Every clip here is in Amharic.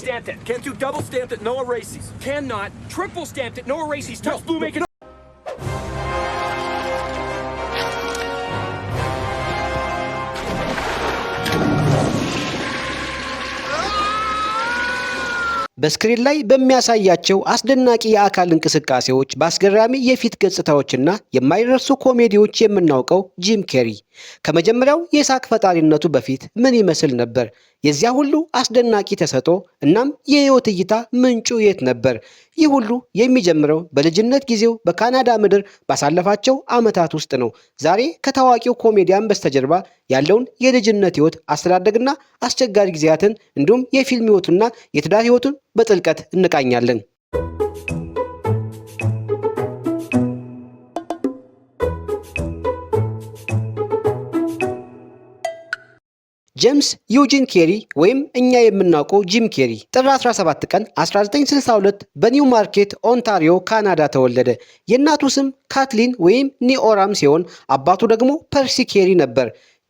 stamped it. Can't do double stamped it, no erases. Cannot. Triple stamped it, no erases. Touch no, blue, make it. No. በስክሪን ላይ በሚያሳያቸው አስደናቂ የአካል እንቅስቃሴዎች በአስገራሚ የፊት ገጽታዎችና የማይረሱ ኮሜዲዎች የምናውቀው ጂም ኬሪ ከመጀመሪያው የሳቅ ፈጣሪነቱ በፊት ምን ይመስል ነበር? የዚያ ሁሉ አስደናቂ ተሰጥኦ እናም የህይወት እይታ ምንጩ የት ነበር? ይህ ሁሉ የሚጀምረው በልጅነት ጊዜው በካናዳ ምድር ባሳለፋቸው ዓመታት ውስጥ ነው። ዛሬ ከታዋቂው ኮሜዲያን በስተጀርባ ያለውን የልጅነት ህይወት አስተዳደግና አስቸጋሪ ጊዜያትን እንዲሁም የፊልም ህይወቱና የትዳር ህይወቱን በጥልቀት እንቃኛለን። ጄምስ ዩጂን ኬሪ ወይም እኛ የምናውቀው ጂም ኬሪ ጥር 17 ቀን 1962 በኒው ማርኬት ኦንታሪዮ ካናዳ ተወለደ። የእናቱ ስም ካትሊን ወይም ኒኦራም ሲሆን አባቱ ደግሞ ፐርሲ ኬሪ ነበር።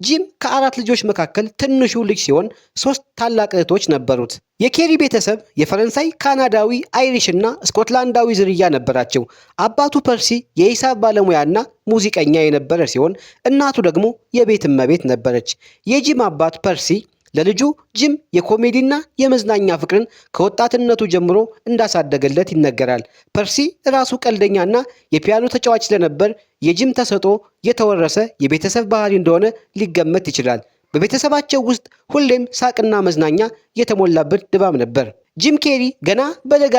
ጂም ከአራት ልጆች መካከል ትንሹ ልጅ ሲሆን ሶስት ታላቅ እህቶች ነበሩት። የኬሪ ቤተሰብ የፈረንሳይ፣ ካናዳዊ፣ አይሪሽ እና ስኮትላንዳዊ ዝርያ ነበራቸው። አባቱ ፐርሲ የሂሳብ ባለሙያና ሙዚቀኛ የነበረ ሲሆን እናቱ ደግሞ የቤት እመቤት ነበረች። የጂም አባት ፐርሲ ለልጁ ጂም የኮሜዲና የመዝናኛ ፍቅርን ከወጣትነቱ ጀምሮ እንዳሳደገለት ይነገራል። ፐርሲ ራሱ ቀልደኛና የፒያኖ ተጫዋች ስለነበር የጅም ተሰጥኦ የተወረሰ የቤተሰብ ባህሪ እንደሆነ ሊገመት ይችላል። በቤተሰባቸው ውስጥ ሁሌም ሳቅና መዝናኛ የተሞላበት ድባብ ነበር። ጂም ኬሪ ገና በለጋ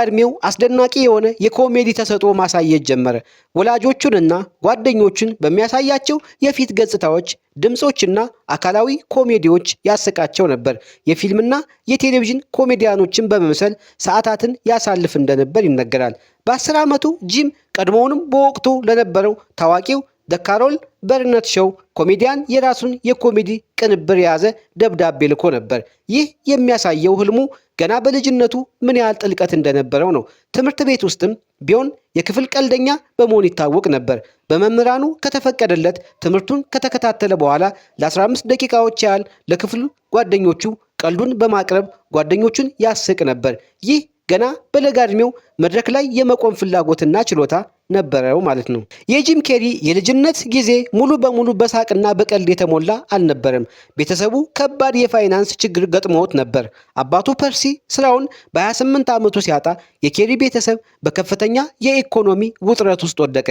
አስደናቂ የሆነ የኮሜዲ ተሰጥኦ ማሳየት ጀመረ። ወላጆቹንና ጓደኞቹን በሚያሳያቸው የፊት ገጽታዎች፣ ድምፆችና አካላዊ ኮሜዲዎች ያስቃቸው ነበር። የፊልምና የቴሌቪዥን ኮሜዲያኖችን በመምሰል ሰዓታትን ያሳልፍ እንደነበር ይነገራል። በአስር ዓመቱ ጂም ቀድሞውንም በወቅቱ ለነበረው ታዋቂው ደ ካሮል በርነት ሾው ኮሜዲያን የራሱን የኮሜዲ ቅንብር የያዘ ደብዳቤ ልኮ ነበር። ይህ የሚያሳየው ህልሙ ገና በልጅነቱ ምን ያህል ጥልቀት እንደነበረው ነው። ትምህርት ቤት ውስጥም ቢሆን የክፍል ቀልደኛ በመሆን ይታወቅ ነበር። በመምህራኑ ከተፈቀደለት ትምህርቱን ከተከታተለ በኋላ ለ15 ደቂቃዎች ያህል ለክፍል ጓደኞቹ ቀልዱን በማቅረብ ጓደኞቹን ያስቅ ነበር። ይህ ገና በለጋ መድረክ ላይ የመቆም ፍላጎትና ችሎታ ነበረው ማለት ነው። የጂም ኬሪ የልጅነት ጊዜ ሙሉ በሙሉ በሳቅና በቀልድ የተሞላ አልነበረም። ቤተሰቡ ከባድ የፋይናንስ ችግር ገጥሞት ነበር። አባቱ ፐርሲ ስራውን በ28 ዓመቱ ሲያጣ፣ የኬሪ ቤተሰብ በከፍተኛ የኢኮኖሚ ውጥረት ውስጥ ወደቀ።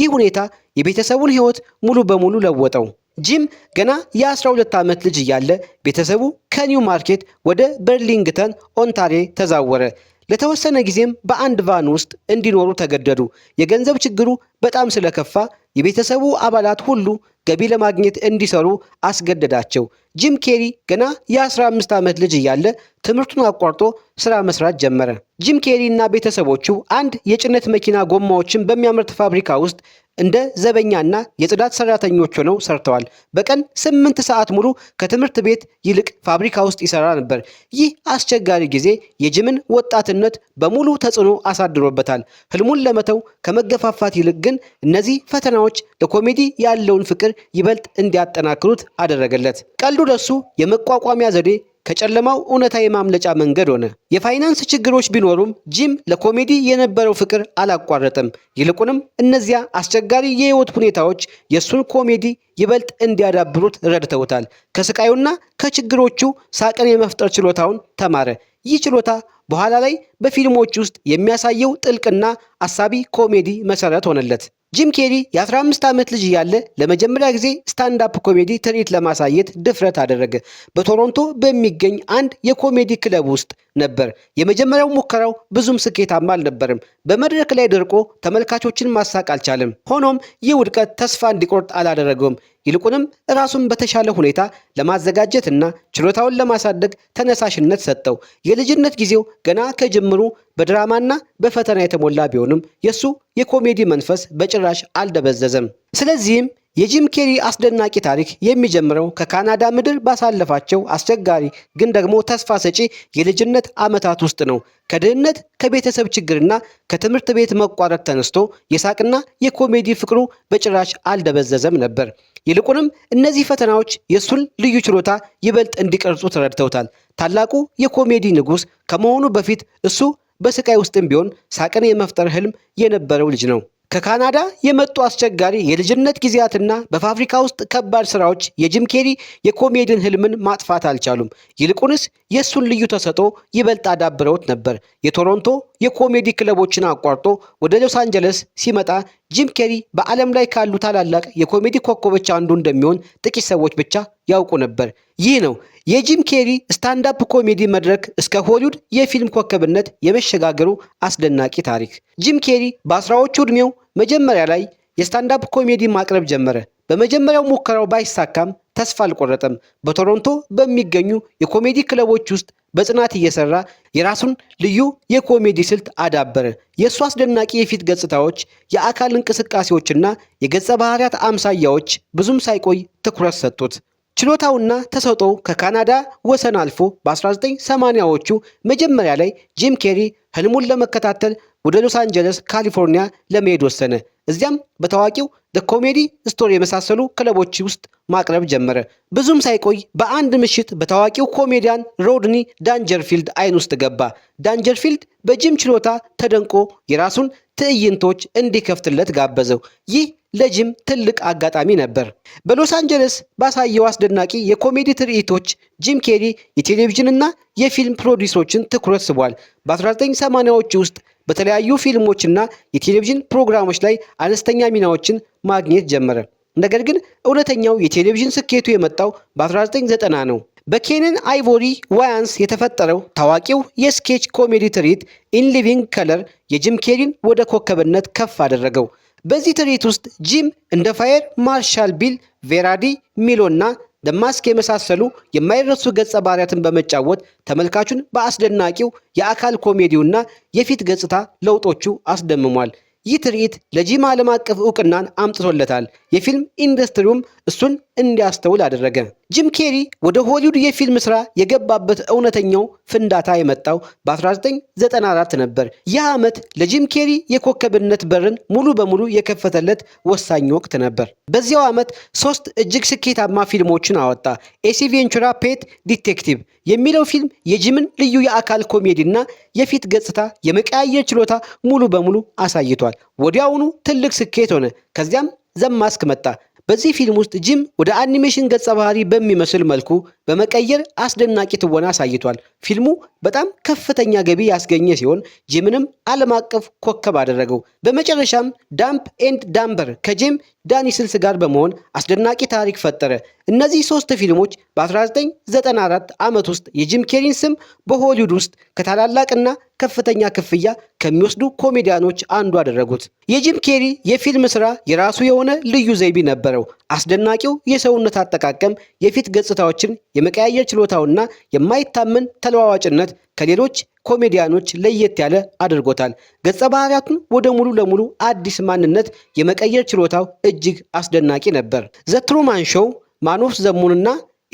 ይህ ሁኔታ የቤተሰቡን ሕይወት ሙሉ በሙሉ ለወጠው። ጂም ገና የ12 ዓመት ልጅ እያለ ቤተሰቡ ከኒው ማርኬት ወደ በርሊንግተን ኦንታሬ ተዛወረ። ለተወሰነ ጊዜም በአንድ ቫን ውስጥ እንዲኖሩ ተገደዱ። የገንዘብ ችግሩ በጣም ስለከፋ የቤተሰቡ አባላት ሁሉ ገቢ ለማግኘት እንዲሰሩ አስገደዳቸው። ጂም ኬሪ ገና የ15 ዓመት ልጅ እያለ ትምህርቱን አቋርጦ ስራ መስራት ጀመረ። ጂም ኬሪ እና ቤተሰቦቹ አንድ የጭነት መኪና ጎማዎችን በሚያመርት ፋብሪካ ውስጥ እንደ ዘበኛና የጽዳት ሰራተኞች ሆነው ሰርተዋል። በቀን ስምንት ሰዓት ሙሉ ከትምህርት ቤት ይልቅ ፋብሪካ ውስጥ ይሰራ ነበር። ይህ አስቸጋሪ ጊዜ የጅምን ወጣትነት በሙሉ ተጽዕኖ አሳድሮበታል። ህልሙን ለመተው ከመገፋፋት ይልቅ ግን እነዚህ ፈተናዎች ለኮሜዲ ያለውን ፍቅር ይበልጥ እንዲያጠናክሩት አደረገለት። ቀልዱ ለሱ የመቋቋሚያ ዘዴ ከጨለማው እውነታ የማምለጫ መንገድ ሆነ። የፋይናንስ ችግሮች ቢኖሩም ጂም ለኮሜዲ የነበረው ፍቅር አላቋረጠም። ይልቁንም እነዚያ አስቸጋሪ የህይወት ሁኔታዎች የእሱን ኮሜዲ ይበልጥ እንዲያዳብሩት ረድተውታል። ከስቃዩና ከችግሮቹ ሳቅን የመፍጠር ችሎታውን ተማረ። ይህ ችሎታ በኋላ ላይ በፊልሞች ውስጥ የሚያሳየው ጥልቅና አሳቢ ኮሜዲ መሰረት ሆነለት። ጂም ኬሪ የ15 ዓመት ልጅ እያለ ለመጀመሪያ ጊዜ ስታንዳፕ ኮሜዲ ትርኢት ለማሳየት ድፍረት አደረገ። በቶሮንቶ በሚገኝ አንድ የኮሜዲ ክለብ ውስጥ ነበር። የመጀመሪያው ሙከራው ብዙም ስኬታማ አልነበርም። በመድረክ ላይ ደርቆ ተመልካቾችን ማሳቅ አልቻለም። ሆኖም ይህ ውድቀት ተስፋ እንዲቆርጥ አላደረገውም። ይልቁንም ራሱን በተሻለ ሁኔታ ለማዘጋጀትና ችሎታውን ለማሳደግ ተነሳሽነት ሰጠው። የልጅነት ጊዜው ገና ከጅምሩ በድራማና በፈተና የተሞላ ቢሆንም የእሱ የኮሜዲ መንፈስ በጭራሽ አልደበዘዘም። ስለዚህም የጂም ኬሪ አስደናቂ ታሪክ የሚጀምረው ከካናዳ ምድር ባሳለፋቸው አስቸጋሪ ግን ደግሞ ተስፋ ሰጪ የልጅነት ዓመታት ውስጥ ነው። ከድህነት ከቤተሰብ ችግርና ከትምህርት ቤት መቋረጥ ተነስቶ የሳቅና የኮሜዲ ፍቅሩ በጭራሽ አልደበዘዘም ነበር። ይልቁንም እነዚህ ፈተናዎች የእሱን ልዩ ችሎታ ይበልጥ እንዲቀርጹ ተረድተውታል። ታላቁ የኮሜዲ ንጉሥ ከመሆኑ በፊት እሱ በስቃይ ውስጥም ቢሆን ሳቅን የመፍጠር ህልም የነበረው ልጅ ነው። ከካናዳ የመጡ አስቸጋሪ የልጅነት ጊዜያትና በፋብሪካ ውስጥ ከባድ ስራዎች የጂም ኬሪ የኮሜዲን ህልምን ማጥፋት አልቻሉም። ይልቁንስ የእሱን ልዩ ተሰጦ ይበልጥ አዳብረውት ነበር። የቶሮንቶ የኮሜዲ ክለቦችን አቋርጦ ወደ ሎስ አንጀለስ ሲመጣ ጂም ኬሪ በዓለም ላይ ካሉ ታላላቅ የኮሜዲ ኮከቦች አንዱ እንደሚሆን ጥቂት ሰዎች ብቻ ያውቁ ነበር። ይህ ነው የጂም ኬሪ ስታንዳፕ ኮሜዲ መድረክ እስከ ሆሊውድ የፊልም ኮከብነት የመሸጋገሩ አስደናቂ ታሪክ። ጂም ኬሪ በአስራዎቹ ዕድሜው መጀመሪያ ላይ የስታንዳፕ ኮሜዲ ማቅረብ ጀመረ። በመጀመሪያው ሙከራው ባይሳካም ተስፋ አልቆረጠም። በቶሮንቶ በሚገኙ የኮሜዲ ክለቦች ውስጥ በጽናት እየሰራ የራሱን ልዩ የኮሜዲ ስልት አዳበረ። የእሱ አስደናቂ የፊት ገጽታዎች፣ የአካል እንቅስቃሴዎችና የገጸ ባህሪያት አምሳያዎች ብዙም ሳይቆይ ትኩረት ሰጡት። ችሎታውና ተሰጦ ከካናዳ ወሰን አልፎ በ1980ዎቹ መጀመሪያ ላይ ጂም ኬሪ ህልሙን ለመከታተል ወደ ሎስ አንጀለስ ካሊፎርኒያ ለመሄድ ወሰነ። እዚያም በታዋቂው ደ ኮሜዲ ስቶር የመሳሰሉ ክለቦች ውስጥ ማቅረብ ጀመረ። ብዙም ሳይቆይ በአንድ ምሽት በታዋቂው ኮሜዲያን ሮድኒ ዳንጀርፊልድ አይን ውስጥ ገባ። ዳንጀርፊልድ በጂም ችሎታ ተደንቆ የራሱን ትዕይንቶች እንዲከፍትለት ጋበዘው። ይህ ለጂም ትልቅ አጋጣሚ ነበር። በሎስ አንጀለስ ባሳየው አስደናቂ የኮሜዲ ትርኢቶች ጂም ኬሪ የቴሌቪዥንና የፊልም ፕሮዲሶችን ትኩረት ስቧል። በ1980ዎቹ ውስጥ በተለያዩ ፊልሞችና የቴሌቪዥን ፕሮግራሞች ላይ አነስተኛ ሚናዎችን ማግኘት ጀመረ። ነገር ግን እውነተኛው የቴሌቪዥን ስኬቱ የመጣው በ1990 ነው። በኬንን አይቮሪ ዋያንስ የተፈጠረው ታዋቂው የስኬች ኮሜዲ ትርኢት ኢን ሊቪንግ ከለር የጂም ኬሪን ወደ ኮከብነት ከፍ አደረገው። በዚህ ትርኢት ውስጥ ጂም እንደ ፋየር ማርሻል ቢል፣ ቬራዲ፣ ሚሎ እና ደማስክ የመሳሰሉ የማይረሱ ገጸ ባህሪያትን በመጫወት ተመልካቹን በአስደናቂው የአካል ኮሜዲውና የፊት ገጽታ ለውጦቹ አስደምሟል። ይህ ትርኢት ለጂማ ዓለም አቀፍ እውቅናን አምጥቶለታል። የፊልም ኢንዱስትሪውም እሱን እንዲያስተውል አደረገ። ጂም ኬሪ ወደ ሆሊውድ የፊልም ስራ የገባበት እውነተኛው ፍንዳታ የመጣው በ1994 ነበር። ይህ ዓመት ለጂም ኬሪ የኮከብነት በርን ሙሉ በሙሉ የከፈተለት ወሳኝ ወቅት ነበር። በዚያው ዓመት ሶስት እጅግ ስኬታማ ፊልሞችን አወጣ። ኤሲ ቬንቹራ ፔት ዲቴክቲቭ የሚለው ፊልም የጂምን ልዩ የአካል ኮሜዲ እና የፊት ገጽታ የመቀያየር ችሎታ ሙሉ በሙሉ አሳይቷል። ወዲያውኑ ትልቅ ስኬት ሆነ። ከዚያም ዘማስክ መጣ። በዚህ ፊልም ውስጥ ጂም ወደ አኒሜሽን ገጸ ባህሪ በሚመስል መልኩ በመቀየር አስደናቂ ትወና አሳይቷል። ፊልሙ በጣም ከፍተኛ ገቢ ያስገኘ ሲሆን ጂምንም ዓለም አቀፍ ኮከብ አደረገው። በመጨረሻም ዳምፕ ኤንድ ዳምበር ከጂም ዳኒ ስልስ ጋር በመሆን አስደናቂ ታሪክ ፈጠረ። እነዚህ ሶስት ፊልሞች በ1994 ዓመት ውስጥ የጂም ኬሪን ስም በሆሊውድ ውስጥ ከታላላቅና ከፍተኛ ክፍያ ከሚወስዱ ኮሜዲያኖች አንዱ አደረጉት። የጂም ኬሪ የፊልም ስራ የራሱ የሆነ ልዩ ዘይቤ ነበረው። አስደናቂው የሰውነት አጠቃቀም የፊት ገጽታዎችን የመቀያየር ችሎታውና የማይታመን ተለዋዋጭነት ከሌሎች ኮሜዲያኖች ለየት ያለ አድርጎታል። ገጸ ባህሪያቱን ወደ ሙሉ ለሙሉ አዲስ ማንነት የመቀየር ችሎታው እጅግ አስደናቂ ነበር። ዘ ትሩማን ሾው፣ ማን ኦፍ ዘ ሙንና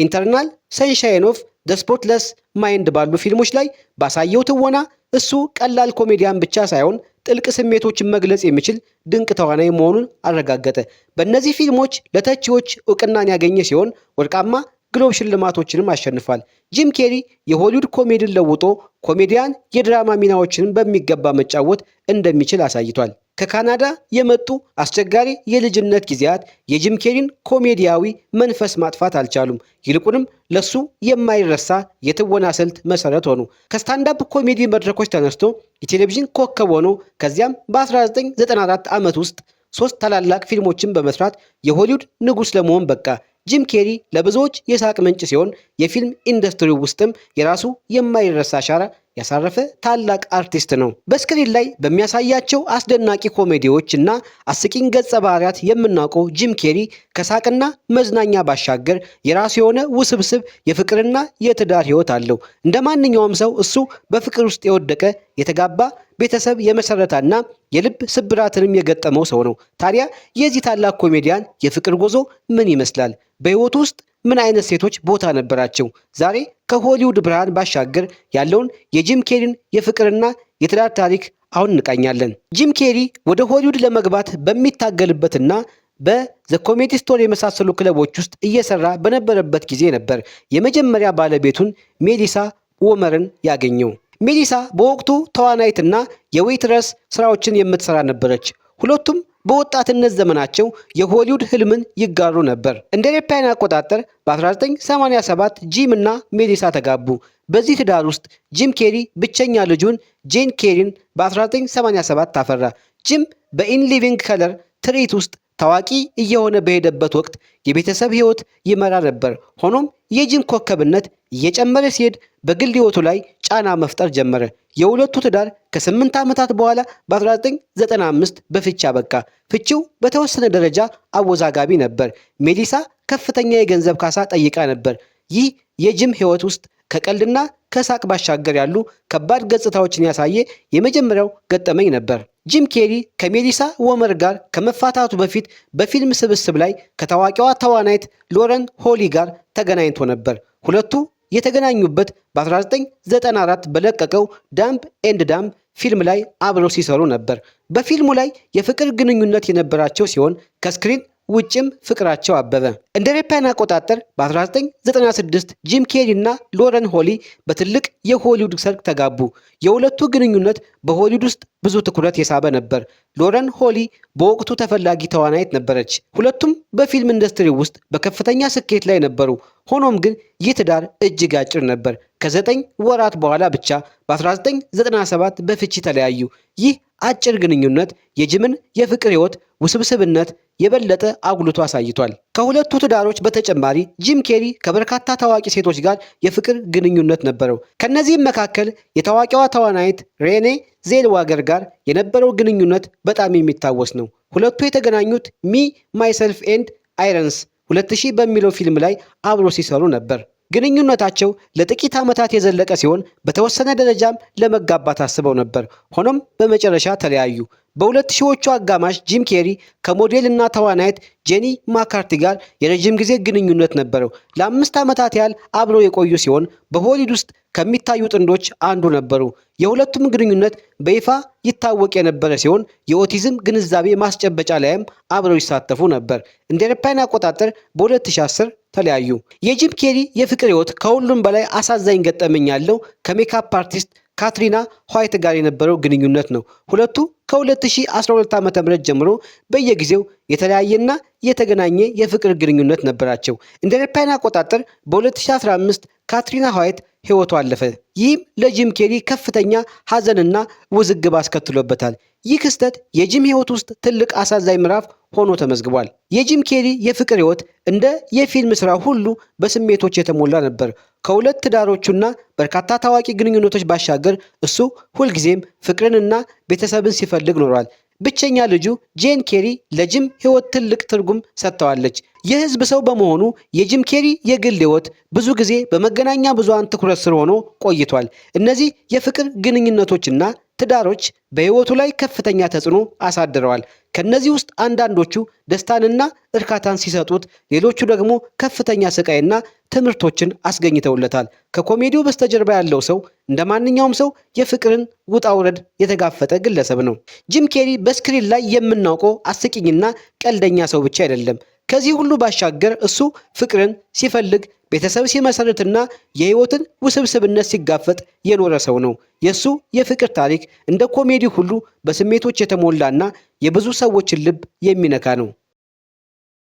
ኢንተርናል ሰንሻይን ኦፍ ዘ ስፖትለስ ማይንድ ባሉ ፊልሞች ላይ ባሳየው ትወና እሱ ቀላል ኮሜዲያን ብቻ ሳይሆን ጥልቅ ስሜቶችን መግለጽ የሚችል ድንቅ ተዋናይ መሆኑን አረጋገጠ። በእነዚህ ፊልሞች ለተቺዎች እውቅናን ያገኘ ሲሆን ወርቃማ ግሎብ ሽልማቶችንም አሸንፏል። ጂም ኬሪ የሆሊውድ ኮሜዲን ለውጦ ኮሜዲያን የድራማ ሚናዎችንም በሚገባ መጫወት እንደሚችል አሳይቷል። ከካናዳ የመጡ አስቸጋሪ የልጅነት ጊዜያት የጂም ኬሪን ኮሜዲያዊ መንፈስ ማጥፋት አልቻሉም። ይልቁንም ለሱ የማይረሳ የትወና ስልት መሰረት ሆኑ። ከስታንዳፕ ኮሜዲ መድረኮች ተነስቶ የቴሌቪዥን ኮከብ ሆኖ ከዚያም በ1994 ዓመት ውስጥ ሶስት ታላላቅ ፊልሞችን በመስራት የሆሊውድ ንጉሥ ለመሆን በቃ። ጂም ኬሪ ለብዙዎች የሳቅ ምንጭ ሲሆን የፊልም ኢንዱስትሪ ውስጥም የራሱ የማይረሳ አሻራ ያሳረፈ ታላቅ አርቲስት ነው። በስክሪን ላይ በሚያሳያቸው አስደናቂ ኮሜዲዎች እና አስቂኝ ገጸ ባህሪያት የምናውቀው ጂም ኬሪ ከሳቅና መዝናኛ ባሻገር የራሱ የሆነ ውስብስብ የፍቅርና የትዳር ህይወት አለው። እንደ ማንኛውም ሰው እሱ በፍቅር ውስጥ የወደቀ የተጋባ ቤተሰብ የመሰረታና የልብ ስብራትንም የገጠመው ሰው ነው። ታዲያ የዚህ ታላቅ ኮሜዲያን የፍቅር ጉዞ ምን ይመስላል? በህይወቱ ውስጥ ምን አይነት ሴቶች ቦታ ነበራቸው? ዛሬ ከሆሊውድ ብርሃን ባሻገር ያለውን የጂም ኬሪን የፍቅርና የትዳር ታሪክ አሁን እንቃኛለን። ጂም ኬሪ ወደ ሆሊውድ ለመግባት በሚታገልበትና በዘ ኮሜዲ ስቶር የመሳሰሉ ክለቦች ውስጥ እየሰራ በነበረበት ጊዜ ነበር የመጀመሪያ ባለቤቱን ሜሊሳ ወመርን ያገኘው። ሜሊሳ በወቅቱ ተዋናይትና የዌይትረስ ስራዎችን የምትሰራ ነበረች። ሁለቱም በወጣትነት ዘመናቸው የሆሊውድ ህልምን ይጋሩ ነበር። እንደ አውሮፓውያን አቆጣጠር በ1987 ጂም እና ሜሊሳ ተጋቡ። በዚህ ትዳር ውስጥ ጂም ኬሪ ብቸኛ ልጁን ጄን ኬሪን በ1987 አፈራ። ጂም በኢን ሊቪንግ ከለር ትርኢት ውስጥ ታዋቂ እየሆነ በሄደበት ወቅት የቤተሰብ ሕይወት ይመራ ነበር። ሆኖም የጂም ኮከብነት እየጨመረ ሲሄድ በግል ህይወቱ ላይ ጫና መፍጠር ጀመረ። የሁለቱ ትዳር ከስምንት ዓመታት በኋላ በ1995 በፍቺ አበቃ። ፍቺው በተወሰነ ደረጃ አወዛጋቢ ነበር። ሜሊሳ ከፍተኛ የገንዘብ ካሳ ጠይቃ ነበር። ይህ የጂም ሕይወት ውስጥ ከቀልድና ከሳቅ ባሻገር ያሉ ከባድ ገጽታዎችን ያሳየ የመጀመሪያው ገጠመኝ ነበር። ጂም ኬሪ ከሜሊሳ ወመር ጋር ከመፋታቱ በፊት በፊልም ስብስብ ላይ ከታዋቂዋ ተዋናይት ሎረን ሆሊ ጋር ተገናኝቶ ነበር። ሁለቱ የተገናኙበት በ1994 በለቀቀው ዳምፕ ኤንድ ዳምፕ ፊልም ላይ አብረው ሲሰሩ ነበር። በፊልሙ ላይ የፍቅር ግንኙነት የነበራቸው ሲሆን ከስክሪን ውጭም ፍቅራቸው አበበ። እንደ አውሮፓውያን አቆጣጠር በ1996 ጂም ኬሪ እና ሎረን ሆሊ በትልቅ የሆሊውድ ሰርግ ተጋቡ። የሁለቱ ግንኙነት በሆሊውድ ውስጥ ብዙ ትኩረት የሳበ ነበር። ሎረን ሆሊ በወቅቱ ተፈላጊ ተዋናይት ነበረች። ሁለቱም በፊልም ኢንዱስትሪ ውስጥ በከፍተኛ ስኬት ላይ ነበሩ። ሆኖም ግን ይህ ትዳር እጅግ አጭር ነበር። ከዘጠኝ ወራት በኋላ ብቻ በ1997 በፍቺ ተለያዩ። ይህ አጭር ግንኙነት የጅምን የፍቅር ህይወት ውስብስብነት የበለጠ አጉልቶ አሳይቷል። ከሁለቱ ትዳሮች በተጨማሪ ጂም ኬሪ ከበርካታ ታዋቂ ሴቶች ጋር የፍቅር ግንኙነት ነበረው። ከእነዚህም መካከል የታዋቂዋ ተዋናይት ሬኔ ዜልዋገር ጋር የነበረው ግንኙነት በጣም የሚታወስ ነው። ሁለቱ የተገናኙት ሚ ማይሰልፍ ኤንድ አይረንስ 2000 በሚለው ፊልም ላይ አብሮ ሲሰሩ ነበር። ግንኙነታቸው ለጥቂት ዓመታት የዘለቀ ሲሆን በተወሰነ ደረጃም ለመጋባት አስበው ነበር። ሆኖም በመጨረሻ ተለያዩ። በሁለት ሺዎቹ አጋማሽ ጂም ኬሪ ከሞዴል እና ተዋናይት ጄኒ ማካርቲ ጋር የረዥም ጊዜ ግንኙነት ነበረው። ለአምስት ዓመታት ያህል አብረው የቆዩ ሲሆን በሆሊውድ ውስጥ ከሚታዩ ጥንዶች አንዱ ነበሩ። የሁለቱም ግንኙነት በይፋ ይታወቅ የነበረ ሲሆን የኦቲዝም ግንዛቤ ማስጨበጫ ላይም አብረው ይሳተፉ ነበር። እንደ አውሮፓውያን አቆጣጠር በ2010 ተለያዩ። የጂም ኬሪ የፍቅር ህይወት ከሁሉም በላይ አሳዛኝ ገጠመኝ ያለው ከሜካፕ አርቲስት ካትሪና ኋይት ጋር የነበረው ግንኙነት ነው። ሁለቱ ከ2012 ዓ ም ጀምሮ በየጊዜው የተለያየና የተገናኘ የፍቅር ግንኙነት ነበራቸው። እንደ አውሮፓውያን አቆጣጠር በ2015 ካትሪና ኋይት ህይወቱ አለፈ። ይህም ለጂም ኬሪ ከፍተኛ ሐዘንና ውዝግብ አስከትሎበታል። ይህ ክስተት የጂም ህይወት ውስጥ ትልቅ አሳዛኝ ምዕራፍ ሆኖ ተመዝግቧል። የጂም ኬሪ የፍቅር ሕይወት እንደ የፊልም ስራ ሁሉ በስሜቶች የተሞላ ነበር። ከሁለት ትዳሮቹና በርካታ ታዋቂ ግንኙነቶች ባሻገር እሱ ሁልጊዜም ፍቅርንና ቤተሰብን ሲፈልግ ኖሯል። ብቸኛ ልጁ ጄን ኬሪ ለጂም ሕይወት ትልቅ ትርጉም ሰጥተዋለች። የህዝብ ሰው በመሆኑ የጂም ኬሪ የግል ህይወት ብዙ ጊዜ በመገናኛ ብዙሃን ትኩረት ስር ሆኖ ቆይቷል። እነዚህ የፍቅር ግንኙነቶችና ትዳሮች በህይወቱ ላይ ከፍተኛ ተጽዕኖ አሳድረዋል። ከነዚህ ውስጥ አንዳንዶቹ ደስታንና እርካታን ሲሰጡት፣ ሌሎቹ ደግሞ ከፍተኛ ስቃይና ትምህርቶችን አስገኝተውለታል። ከኮሜዲው በስተጀርባ ያለው ሰው እንደ ማንኛውም ሰው የፍቅርን ውጣ ውረድ የተጋፈጠ ግለሰብ ነው። ጂም ኬሪ በስክሪን ላይ የምናውቀው አስቂኝና ቀልደኛ ሰው ብቻ አይደለም። ከዚህ ሁሉ ባሻገር እሱ ፍቅርን ሲፈልግ ቤተሰብ ሲመሰርትና የህይወትን ውስብስብነት ሲጋፈጥ የኖረ ሰው ነው። የእሱ የፍቅር ታሪክ እንደ ኮሜዲ ሁሉ በስሜቶች የተሞላና የብዙ ሰዎችን ልብ የሚነካ ነው።